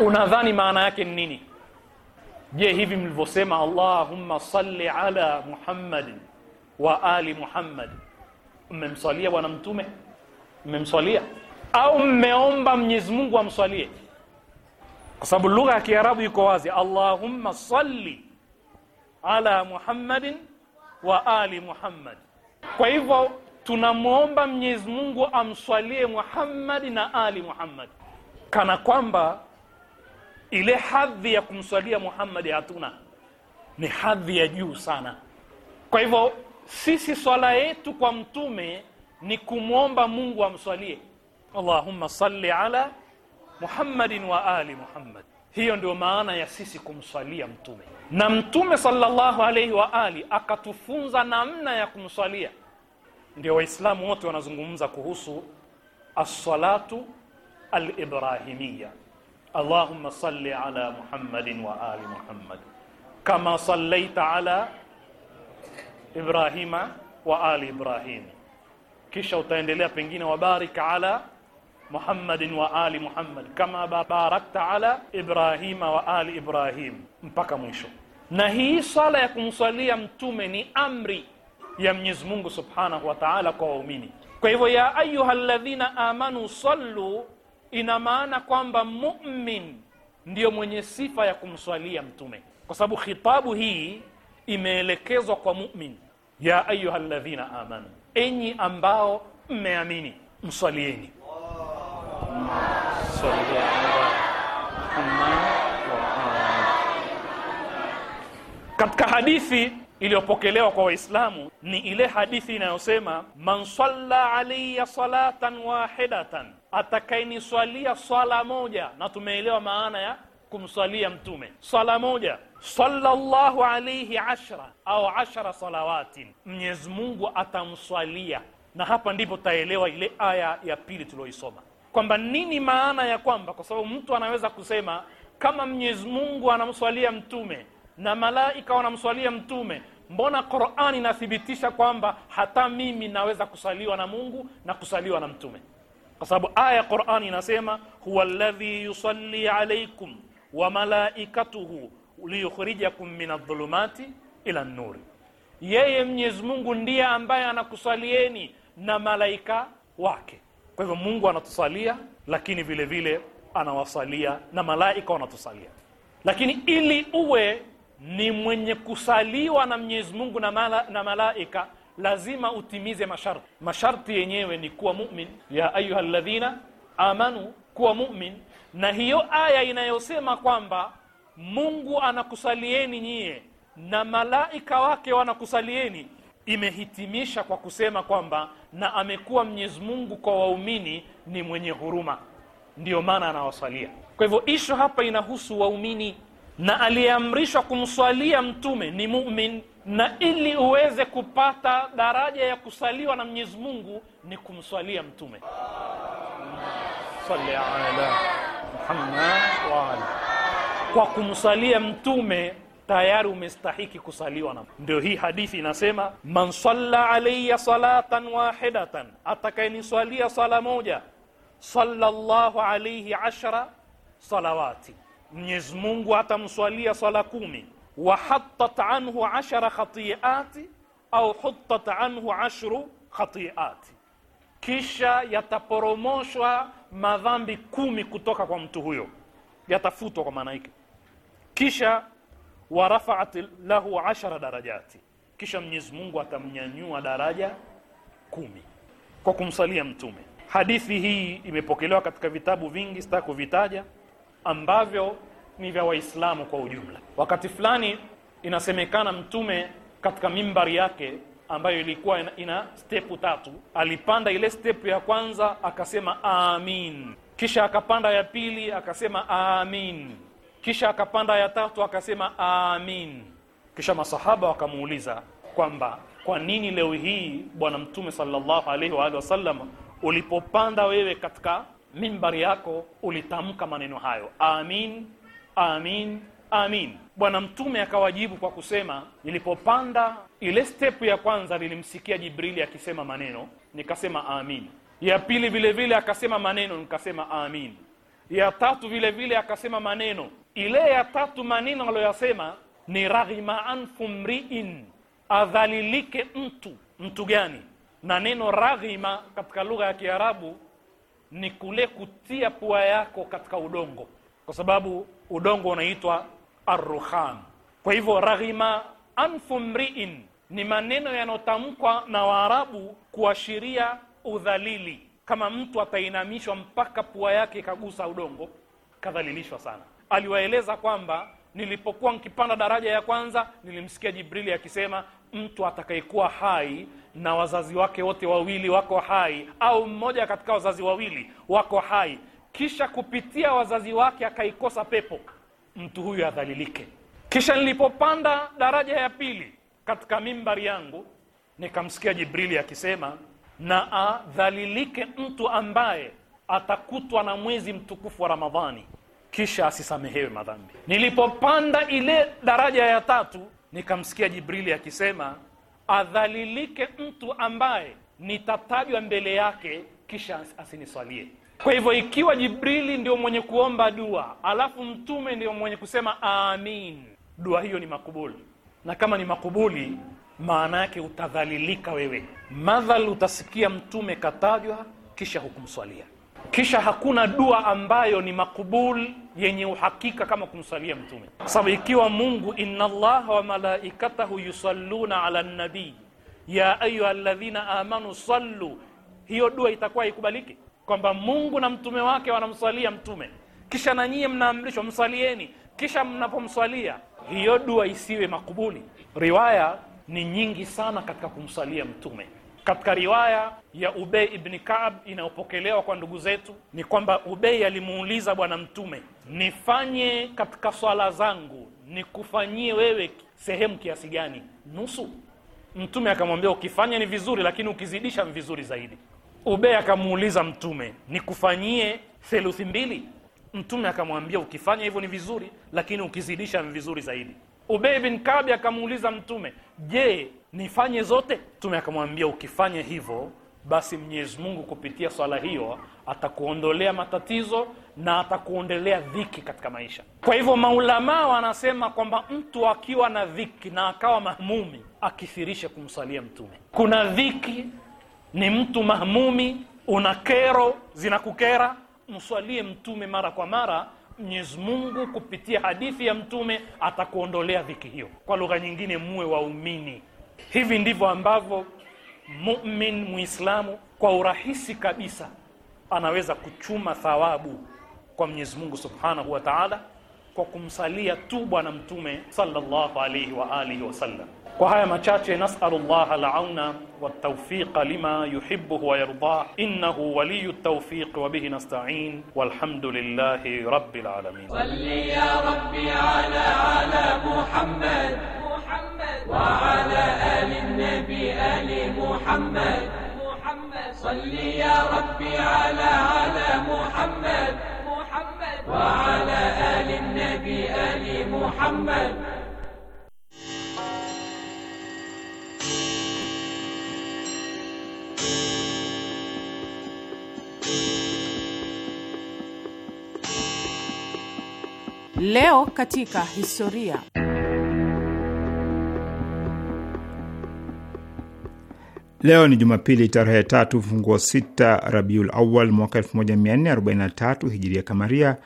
unadhani maana yake ni nini je hivi mlivyosema allahumma salli ala muhammadin wa ali muhammad mmemswalia bwana mtume mmemswalia au mmeomba mwenyezi mungu amswalie kwa sababu lugha ya Kiarabu iko wazi, Allahumma salli ala Muhammadin wa ali Muhammad. Kwa hivyo tunamwomba Mwenyezi Mungu amswalie muhammadi na ali Muhammad, kana kwamba ile hadhi ya kumswalia muhammadi hatuna, ni hadhi ya juu sana. Kwa hivyo sisi swala yetu kwa mtume ni kumwomba Mungu amswalie, Allahumma salli ala Muhammadin wa ali Muhammad. Hiyo ndio maana ya sisi kumswalia mtume, na mtume sallallahu alaihi wa ali akatufunza namna ya kumswalia. Ndio Waislamu wote wanazungumza kuhusu as alibrahimiya al-ibrahimiyya, allahumma salli ala Muhammadin wa ali Muhammad kama sallaita ala Ibrahima wa ali Ibrahim, kisha utaendelea pengine wabarik ala Muhammadin wa ali Muhammad kama barakta ala Ibrahima wa ali Ibrahim, mpaka mwisho. Na hii sala ya kumswalia mtume ni amri ya Mwenyezi Mungu Subhanahu wa Ta'ala kwa waumini. Kwa hivyo, ya ayuha ladhina amanu sallu, ina maana kwamba mu'min ndiyo mwenye sifa ya kumswalia mtume, kwa sababu khitabu hii imeelekezwa kwa mu'min. Ya ayyuhalladhina amanu, enyi ambao mmeamini, mswalieni katika hadithi iliyopokelewa kwa Waislamu ni ile hadithi inayosema man salla alaya salatan wahidatan, atakayeniswalia swala moja. Na tumeelewa maana ya kumswalia Mtume swala moja, llahu alaihi ashra au ashra salawatin, Mwenyezi Mungu atamswalia. Na hapa ndipo taelewa ile aya ya pili tuliyoisoma kwamba nini maana ya kwamba, kwa sababu mtu anaweza kusema kama Mwenyezi Mungu anamswalia mtume na malaika wanamswalia mtume, mbona Qur'ani inathibitisha kwamba hata mimi naweza kusaliwa na Mungu na kusaliwa na mtume? Kwa sababu aya ya Qur'ani inasema huwa alladhi yusalli alaykum wa malaikatuhu liyukhrijakum min adh-dhulumati ila an-nur, yeye Mwenyezi Mungu ndiye ambaye anakusalieni na malaika wake kwa hivyo Mungu anatusalia, lakini vile vile anawasalia na malaika wanatusalia. Lakini ili uwe ni mwenye kusaliwa na Mwenyezi Mungu na, mala, na malaika lazima utimize masharti. Masharti yenyewe ni kuwa mumin, ya ayuha alladhina amanu, kuwa mumin. Na hiyo aya inayosema kwamba Mungu anakusalieni nyie na malaika wake wanakusalieni imehitimisha kwa kusema kwamba na amekuwa Mwenyezi Mungu kwa waumini ni mwenye huruma, ndiyo maana anawasalia. Kwa hivyo ishu hapa inahusu waumini, na aliyeamrishwa kumswalia mtume ni mumin, na ili uweze kupata daraja ya kusaliwa na Mwenyezi Mungu ni kumswalia mtume Salli ala Muhammad wa ala. Kwa kumswalia mtume tayari umestahiki kusaliwa na. Ndio hii hadithi inasema, man salla alayya salatan wahidatan, atakayeniswalia sala moja, llahu alayhi ashra salawati, Mwenyezi Mungu atamswalia sala kumi. Wa anhu ashara khati'ati au huttat anhu ashru khati'ati, kisha yataporomoshwa madhambi kumi kutoka kwa mtu huyo, yatafutwa kwa maana yake, kisha warafaat lahu ashara darajati kisha Mwenyezi Mungu atamnyanyua daraja kumi kwa kumsalia mtume hadithi hii imepokelewa katika vitabu vingi sitaki kuvitaja ambavyo ni vya waislamu kwa ujumla wakati fulani inasemekana mtume katika mimbari yake ambayo ilikuwa ina, ina stepu tatu alipanda ile stepu ya kwanza akasema amin kisha akapanda ya pili akasema amin kisha akapanda ya tatu akasema amin. Kisha masahaba wakamuuliza kwamba kwa nini leo hii Bwana Mtume sallallahu alaihi wa alihi wasallam, ulipopanda wewe katika mimbari yako ulitamka maneno hayo amin, amin, amin. Bwana Mtume akawajibu kwa kusema, nilipopanda ile step ya kwanza nilimsikia Jibrili akisema maneno nikasema amin. Ya pili vile vile akasema maneno nikasema amin. Ya tatu vile vile akasema maneno ile ya tatu maneno aliyosema ni raghima anfu mriin adhalilike mtu mtu gani na neno raghima katika lugha ya kiarabu ni kule kutia pua yako katika udongo kwa sababu udongo unaitwa arruhan kwa hivyo raghima anfu mriin ni maneno yanayotamkwa na waarabu kuashiria udhalili kama mtu atainamishwa mpaka pua yake ikagusa udongo kadhalilishwa sana aliwaeleza kwamba nilipokuwa nkipanda daraja ya kwanza nilimsikia Jibrili akisema mtu atakayekuwa hai na wazazi wake wote wawili wako hai au mmoja katika wazazi wawili wako hai, kisha kupitia wazazi wake akaikosa pepo, mtu huyu adhalilike. Kisha nilipopanda daraja ya pili katika mimbari yangu nikamsikia Jibrili akisema na adhalilike mtu ambaye atakutwa na mwezi mtukufu wa Ramadhani kisha asisamehewe madhambi. Nilipopanda ile daraja ya tatu, nikamsikia Jibrili akisema, adhalilike mtu ambaye nitatajwa mbele yake kisha asiniswalie. Kwa hivyo ikiwa Jibrili ndio mwenye kuomba dua alafu mtume ndio mwenye kusema amin, dua hiyo ni makubuli, na kama ni makubuli, maana yake utadhalilika wewe. Madhal utasikia mtume katajwa kisha hukumswalia, kisha hakuna dua ambayo ni makubuli yenye uhakika kama kumsalia mtume, sababu ikiwa Mungu inna llaha wa malaikatahu yusalluna ala nabii ya ayuha alladhina amanu sallu, hiyo dua itakuwa ikubaliki kwamba Mungu na mtume wake wanamsalia mtume, kisha na nyie mnaamrishwa msalieni, kisha mnapomswalia hiyo dua isiwe makubuli. Riwaya ni nyingi sana katika kumsalia mtume. Katika riwaya ya Ubei ibni Kaab inayopokelewa kwa ndugu zetu ni kwamba Ubei alimuuliza Bwana Mtume nifanye katika swala zangu nikufanyie wewe sehemu kiasi gani? Nusu. Mtume akamwambia ukifanya ni vizuri, lakini ukizidisha ni vizuri zaidi. Ubey akamuuliza Mtume, nikufanyie theluthi mbili? Mtume akamwambia ukifanya hivyo ni vizuri, lakini ukizidisha ni vizuri zaidi. Ubey bin Kabi akamuuliza Mtume, je, nifanye zote? Mtume akamwambia ukifanya hivyo basi Mwenyezi Mungu kupitia swala hiyo atakuondolea matatizo na atakuondolea dhiki katika maisha. Kwa hivyo maulamaa wanasema kwamba mtu akiwa na dhiki na akawa mahmumi akithirishe kumsalia Mtume. Kuna dhiki, ni mtu mahmumi, una kero zinakukera, mswalie Mtume mara kwa mara. Mwenyezi Mungu kupitia hadithi ya Mtume atakuondolea dhiki hiyo. Kwa lugha nyingine, muwe waumini. Hivi ndivyo ambavyo mu'min muislamu kwa urahisi kabisa anaweza kuchuma thawabu kwa Mwenyezi Mungu Subhanahu wa Ta'ala kwa kumsalia tu bwana mtume sallallahu alayhi wa alihi wasallam kwa haya machache nasalullah alauna watawfiqa lima yuhibbu wa yardah innahu waliyu tawfiq wa bihi nasta'in walhamdulillahi rabbil alamin salli ya rabbi ala ala muhammad محمد وعلى آل النبي آل محمد صل يا ربي على على محمد وعلى آل النبي آل محمد Leo katika historia. Leo ni Jumapili tarehe tatu funguo sita Rabiul Awal mwaka 1443 hijiria kamaria,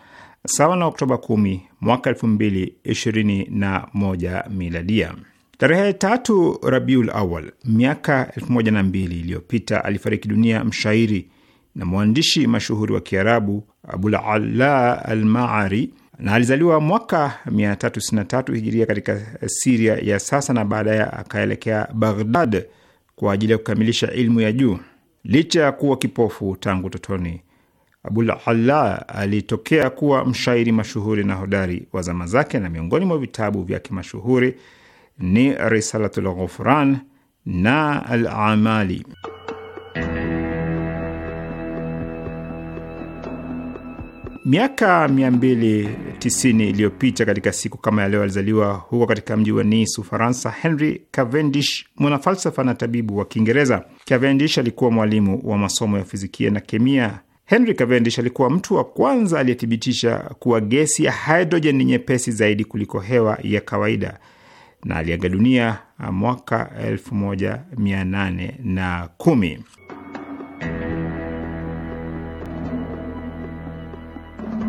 sawa na Oktoba 10 mwaka 2021 miladia. Tarehe tatu Rabiul Awal miaka 1002 iliyopita alifariki dunia mshairi na mwandishi mashuhuri wa Kiarabu Abul Ala Almaari na alizaliwa mwaka 363 hijiria katika Siria ya sasa na baadaye akaelekea Baghdad kwa ajili ya kukamilisha ilmu ya juu. Licha ya kuwa kipofu tangu utotoni, Abul Ala alitokea kuwa mshairi mashuhuri na hodari wa zama zake, na miongoni mwa vitabu vyake mashuhuri ni Risalatul Ghufran na Al Amali. Miaka 290 iliyopita katika siku kama ya leo alizaliwa huko katika mji wa Nice, Ufaransa, Henry Cavendish, mwanafalsafa na tabibu wa Kiingereza. Cavendish alikuwa mwalimu wa masomo ya fizikia na kemia. Henry Cavendish alikuwa mtu wa kwanza aliyethibitisha kuwa gesi ya hydrogen ni nyepesi zaidi kuliko hewa ya kawaida na aliaga dunia mwaka 1810.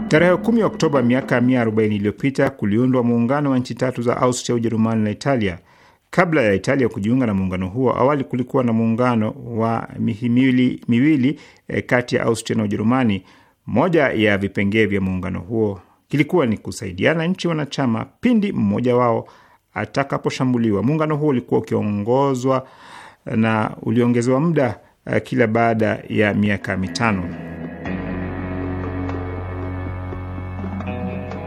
Tarehe 10 Oktoba miaka 140 iliyopita kuliundwa muungano wa nchi tatu za Austria, Ujerumani na Italia. Kabla ya Italia kujiunga na muungano huo, awali kulikuwa na muungano wa mihimili miwili eh, kati ya Austria na Ujerumani. Moja ya vipengee vya muungano huo kilikuwa ni kusaidiana nchi wanachama pindi mmoja wao atakaposhambuliwa. Muungano huo ulikuwa ukiongozwa na uliongezewa muda e, kila baada ya miaka mitano.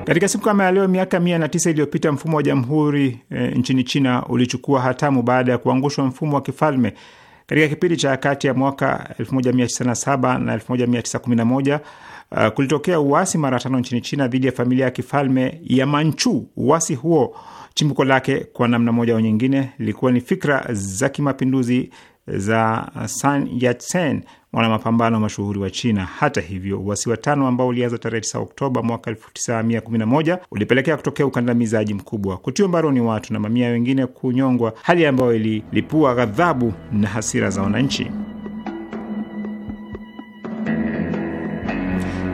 Katika siku kama ya leo miaka mia na tisa iliyopita mfumo wa jamhuri e, nchini China ulichukua hatamu baada ya kuangushwa mfumo wa kifalme. Katika kipindi cha kati ya mwaka 1907 na 1911 uh, e, kulitokea uasi mara tano nchini China dhidi ya familia ya kifalme ya Manchu. Uasi huo chimbuko lake kwa namna moja au nyingine lilikuwa ni fikra za kimapinduzi za Sun Yat-sen, mwana mapambano mashuhuri wa China. Hata hivyo, uasi wa tano ambao ulianza tarehe 9 Oktoba mwaka 1911 ulipelekea kutokea ukandamizaji mkubwa, kutiwa mbaroni watu na mamia wengine kunyongwa, hali ambayo ililipua ghadhabu na hasira za wananchi.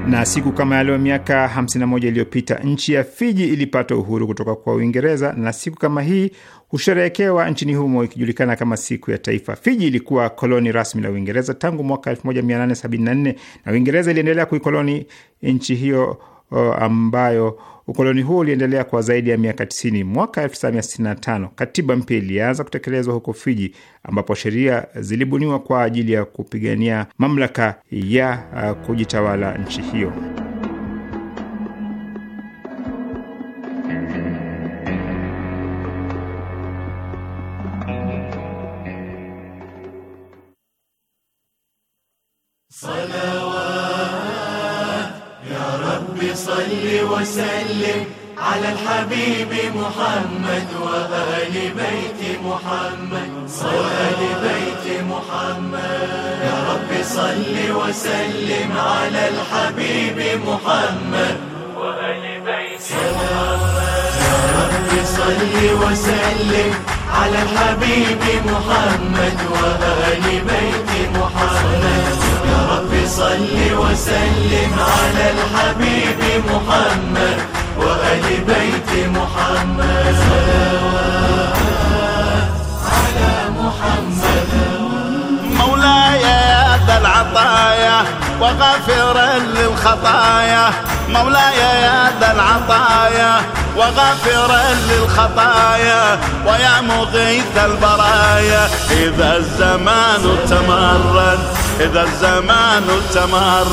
na siku kama ya leo miaka 51 iliyopita nchi ya Fiji ilipata uhuru kutoka kwa Uingereza, na siku kama hii husherehekewa nchini humo ikijulikana kama siku ya taifa. Fiji ilikuwa koloni rasmi la Uingereza tangu mwaka 1874 na Uingereza iliendelea kuikoloni nchi hiyo uh, ambayo ukoloni huo uliendelea kwa zaidi ya miaka 90. Mwaka 1965 katiba mpya ilianza kutekelezwa huko Fiji, ambapo sheria zilibuniwa kwa ajili ya kupigania mamlaka ya uh, kujitawala nchi hiyo. وسلم على الحبيب محمد وآل بيت محمد وآل بيت محمد يا رب صل وسلم على الحبيب محمد وآل بيت محمد اللهم صل وسلم على الحبيب محمد وآل بيت محمد يا رب صل وسلم على الحبيب محمد وآل بيت محمد صلوات على محمد مولاي يا ذا العطايا وغافرا للخطايا مولاي يا ذا العطايا وغافرا للخطايا ويا مغيث البرايا إذا الزمان تمرد إذا الزمان تمرن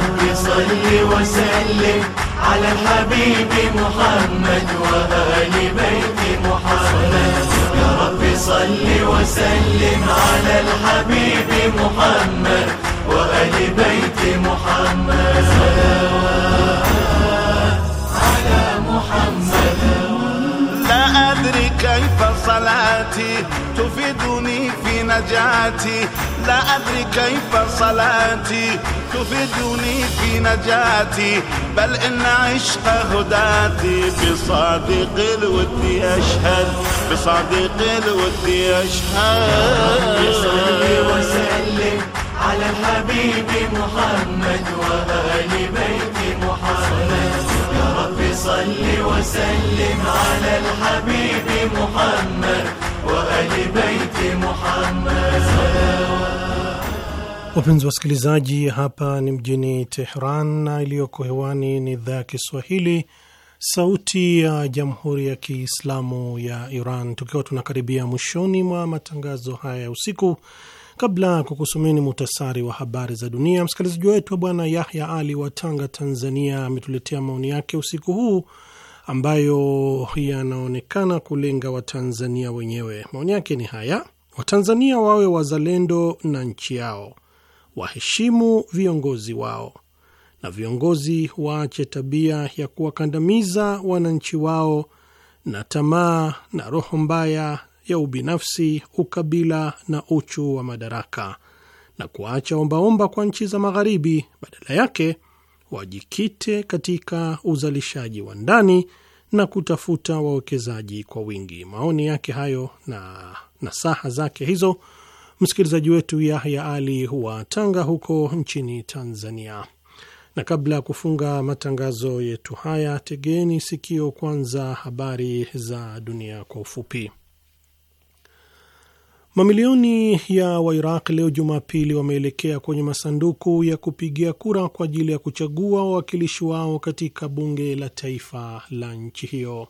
ربي صل وسلم على الحبيب محمد وآل بيت محمد يا رب صل وسلم على الحبيب محمد وآل بيت محمد صلاتي تفيدني في نجاتي لا أدري كيف صلاتي تفيدني في نجاتي بل إن عشق هداتي بصادق الود أشهد بصادق الود أشهد صلي وسلم على الحبيب محمد وآل بيت محمد وصلي وسلم على الحبيب محمد وآل بيت محمد Wapenzi wasikilizaji, hapa ni mjini Tehran na iliyoko hewani ni idhaa ya Kiswahili sauti ya jamhuri ya Kiislamu ya Iran, tukiwa tunakaribia mwishoni mwa matangazo haya ya usiku Kabla ya kukusomeni muhtasari wa habari za dunia, msikilizaji wetu Bwana Yahya Ali wa Tanga, Tanzania, ametuletea maoni yake usiku huu ambayo yanaonekana kulenga Watanzania wenyewe. Maoni yake ni haya: Watanzania wawe wazalendo na nchi yao, waheshimu viongozi wao, na viongozi waache tabia ya kuwakandamiza wananchi wao na tamaa na roho mbaya ya ubinafsi, ukabila na uchu wa madaraka na kuacha ombaomba kwa nchi za Magharibi. Badala yake wajikite katika uzalishaji wa ndani na kutafuta wawekezaji kwa wingi. Maoni yake hayo na nasaha zake hizo, msikilizaji wetu Yahya Ali wa Tanga huko nchini Tanzania. Na kabla ya kufunga matangazo yetu haya, tegeni sikio kwanza habari za dunia kwa ufupi. Mamilioni ya Wairaq leo Jumapili wameelekea kwenye masanduku ya kupigia kura kwa ajili ya kuchagua wawakilishi wao katika bunge la taifa la nchi hiyo.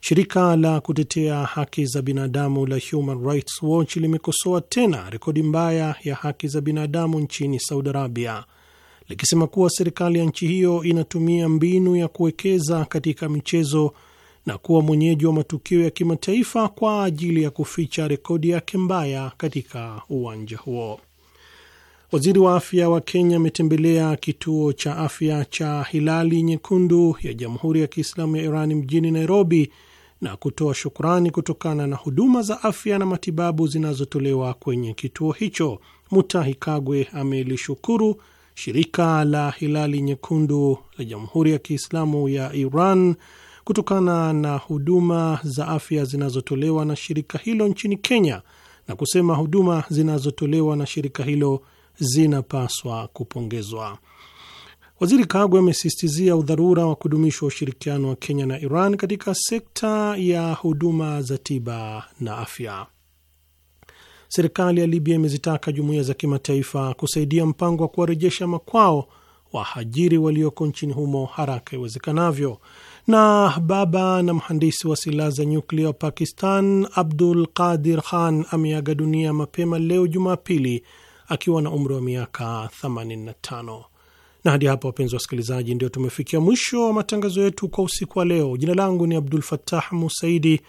Shirika la kutetea haki za binadamu la Human Rights Watch limekosoa tena rekodi mbaya ya haki za binadamu nchini Saudi Arabia, likisema kuwa serikali ya nchi hiyo inatumia mbinu ya kuwekeza katika michezo na kuwa mwenyeji wa matukio ya kimataifa kwa ajili ya kuficha rekodi yake mbaya katika uwanja huo. Waziri wa afya wa Kenya ametembelea kituo cha afya cha Hilali Nyekundu ya Jamhuri ya Kiislamu ya Iran mjini Nairobi na kutoa shukrani kutokana na huduma za afya na matibabu zinazotolewa kwenye kituo hicho. Mutahi Kagwe amelishukuru shirika la Hilali Nyekundu la Jamhuri ya Kiislamu ya Iran kutokana na huduma za afya zinazotolewa na shirika hilo nchini Kenya na kusema huduma zinazotolewa na shirika hilo zinapaswa kupongezwa. Waziri Kagwe amesisitizia udharura wa kudumishwa ushirikiano wa Kenya na Iran katika sekta ya huduma za tiba na afya. Serikali ya Libya imezitaka jumuiya za kimataifa kusaidia mpango wa kuwarejesha makwao wahajiri walioko nchini humo haraka iwezekanavyo. Na baba na mhandisi wa silaha za nyuklia wa Pakistan Abdul Qadir Khan ameaga dunia mapema leo Jumapili akiwa na umri wa miaka 85. Na hadi hapa, wapenzi wasikilizaji, ndio tumefikia mwisho wa matangazo yetu kwa usiku wa leo. Jina langu ni Abdul Fattah Musaidi.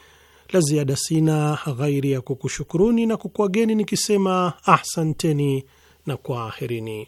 La ziada sina ghairi ya kukushukuruni na kukuageni nikisema ahsanteni na kwaherini.